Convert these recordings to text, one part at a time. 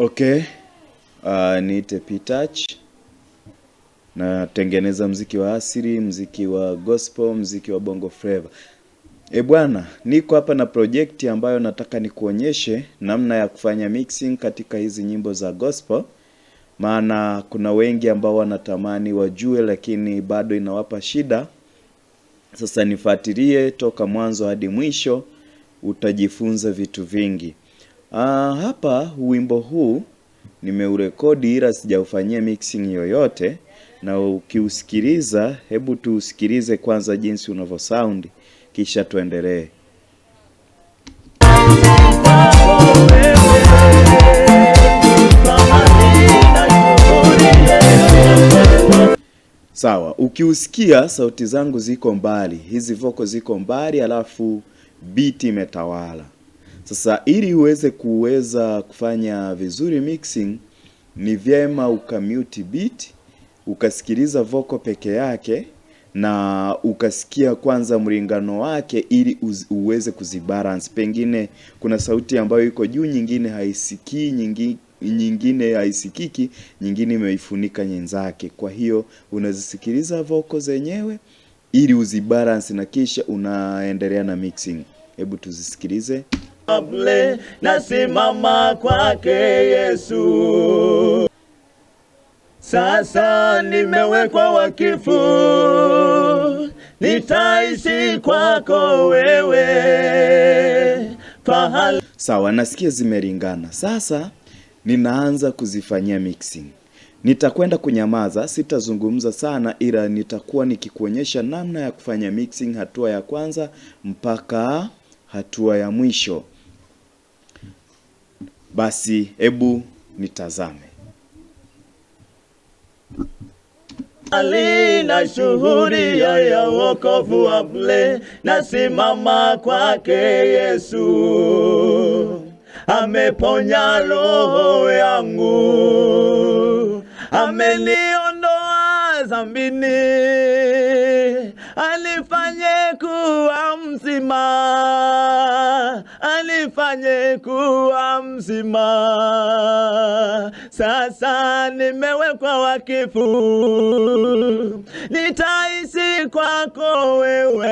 Okay, uh, niite ptach Natengeneza mziki wa asiri mziki wa gospel, mziki wa bongo flava. E bwana, niko hapa na projekti ambayo nataka nikuonyeshe namna ya kufanya mixing katika hizi nyimbo za gospel, maana kuna wengi ambao wanatamani wajue, lakini bado inawapa shida. Sasa nifuatilie toka mwanzo hadi mwisho, utajifunza vitu vingi. Uh, hapa wimbo huu nimeurekodi ila sijaufanyia mixing yoyote, na ukiusikiliza, hebu tuusikilize kwanza jinsi unavyo sound, kisha tuendelee. Sawa, ukiusikia sauti zangu ziko mbali, hizi voko ziko mbali, alafu biti imetawala. Sasa ili uweze kuweza kufanya vizuri mixing, ni vyema ukamute beat, ukasikiliza vocal peke yake na ukasikia kwanza mlingano wake ili uweze kuzibalance. Pengine kuna sauti ambayo iko juu, nyingine haisikii, nyingine nyingine haisikiki, nyingine imeifunika nyenzake. Kwa hiyo unazisikiliza voko zenyewe ili uzibalance na kisha unaendelea na mixing. Hebu tuzisikilize mle nasimama kwake Yesu, sasa nimewekwa wakifu, nitaishi kwako wewe Fahali. Sawa, nasikia zimeringana. Sasa ninaanza kuzifanyia mixing. Nitakwenda kunyamaza, sitazungumza sana, ila nitakuwa nikikuonyesha namna ya kufanya mixing, hatua ya kwanza mpaka hatua ya mwisho. Basi hebu nitazame. Ali na shuhuri ya wokovu wa mle, nasimama kwake Yesu, ameponya roho yangu, ameniondoa zambini alifanye kuwa mzima, alifanye kuwa mzima. Sasa nimewekwa wakifu, nitaishi kwako wewe,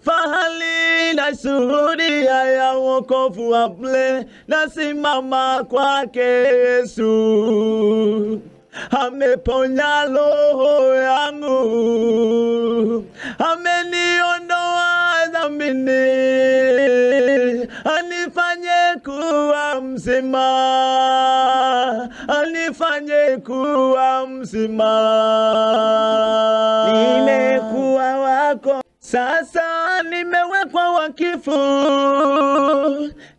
fahali na shuhudia ya wokovu wa mle, nasimama kwake Yesu ameponya roho yangu, ameniondoa dhambini, anifanye kuwa mzima, anifanye kuwa mzima, nimekuwa wako sasa nimewekwa wakifu,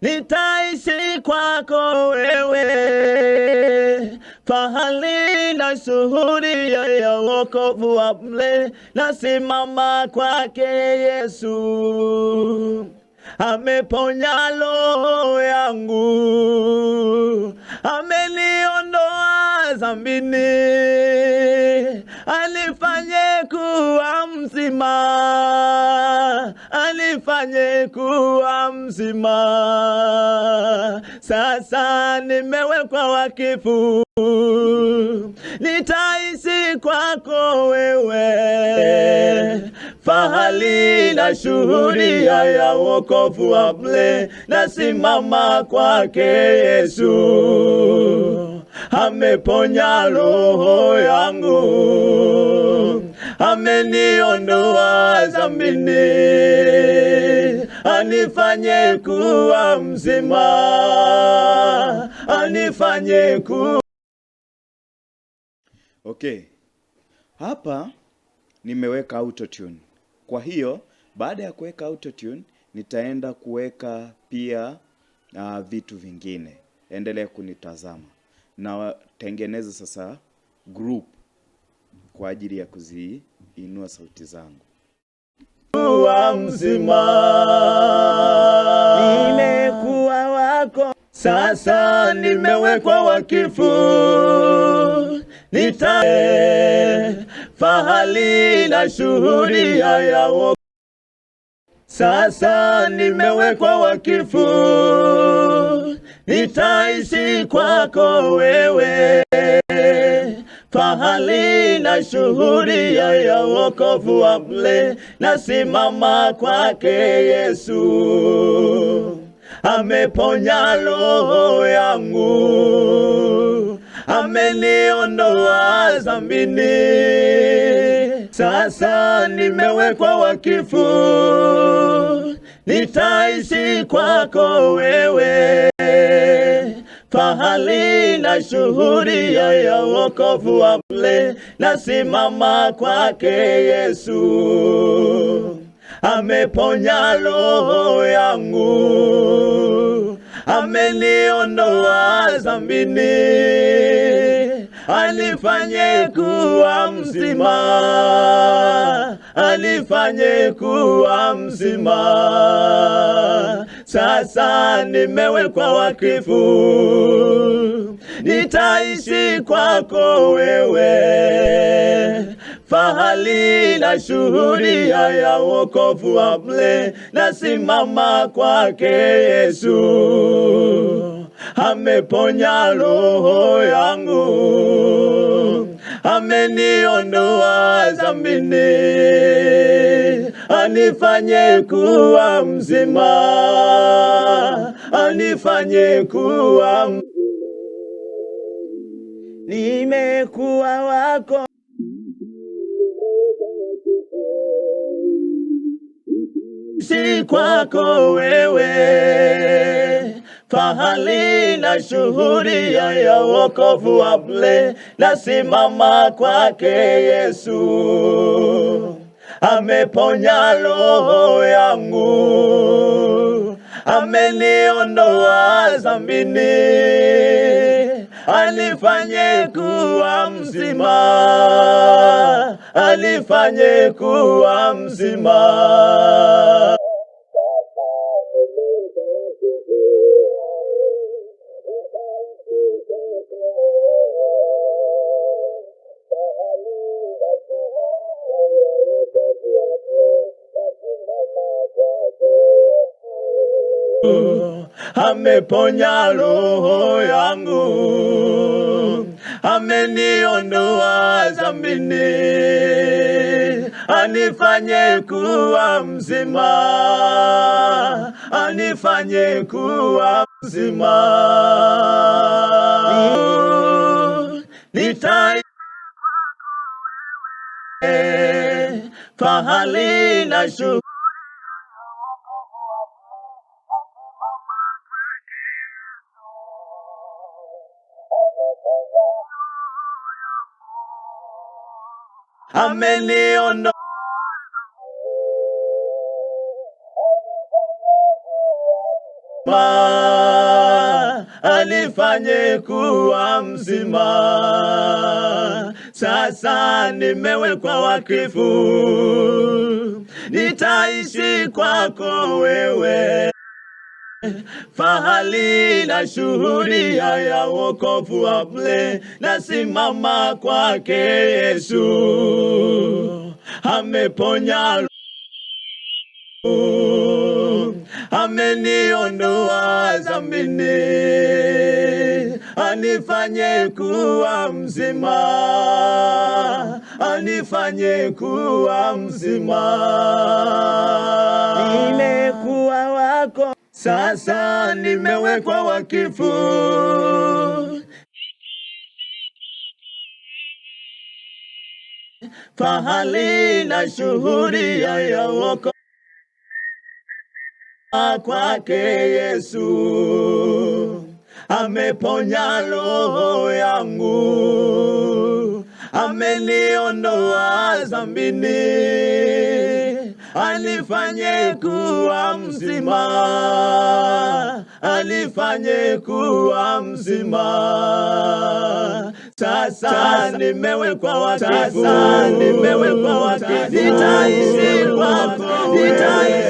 nitaishi kwako wewe, fahali na shuhudia ya wokovu wa mle nasimama kwake Yesu ameponya roho yangu, ameniondoa zambini alifanye kuwa mzima, nifanye kuwa mzima, sasa nimewekwa wakifu, nitaishi kwako wewe fahali na shuhudia ya wokovu wa mle, nasimama kwake Yesu, ameponya roho yangu ameniondoa zambini, anifanye kuwa mzima, anifanye kuwa okay. Hapa nimeweka autotune. Kwa hiyo baada ya kuweka autotune nitaenda kuweka pia uh, vitu vingine. Endelea kunitazama na tengeneza sasa group kwa ajili ya kuzii inua sauti zangu kuwa mzima, nimekuwa wako, sasa nimewekwa wakifu, nita fahali na shuhudia yao, sasa nimewekwa wakifu, nitaishi kwako wewe fahali na shuhudia ya wokovu wa mle nasimama kwake Yesu ameponya roho yangu, ameniondoa zambini Sasa nimewekwa wakifu, nitaishi kwako wewe fahali na shuhudia ya wokovu wa ule nasimama kwake Yesu, ameponya roho yangu, ameniondoa zambini alifanye kuwa mzima, alifanye kuwa mzima sasa nimewekwa wakifu, nitaishi kwako wewe fahali na shuhudia ya wokovu wa mle na simama kwake Yesu, ameponya roho yangu, ameniondoa dhambini anifanye kuwa mzima, anifanye kuwa Nimekuwa wako si kwako wewe fahali na shuhuri ya wokovu wa ble na simama kwake Yesu ameponya roho yangu, ameniondoa zambini alifanye kuwa mzima, alifanye kuwa mzima. ameponya roho yangu, ameniondoa dhambini, anifanye kuwa mzima, anifanye kuwa mzima nitai pahali na shu ameniondoa alifanye kuwa mzima, sasa nimewekwa wakifu nitaishi kwako wewe Fahali na shuhudia ya wokovu mle na simama kwake Yesu ameponya, ameniondoa zambini anifanye kuwa mzima, anifanye kuwa mzima, ile kuwa wako sasa nimewekwa wakifu. Fahali na shuhuri ya yaoko kwake Yesu, ameponya roho yangu, ameniondoa dhambini anifanye kuwa mzima, anifanye kuwa mzima. Sasa nimewekwa wakfu, nitaishi kwako, nitaishi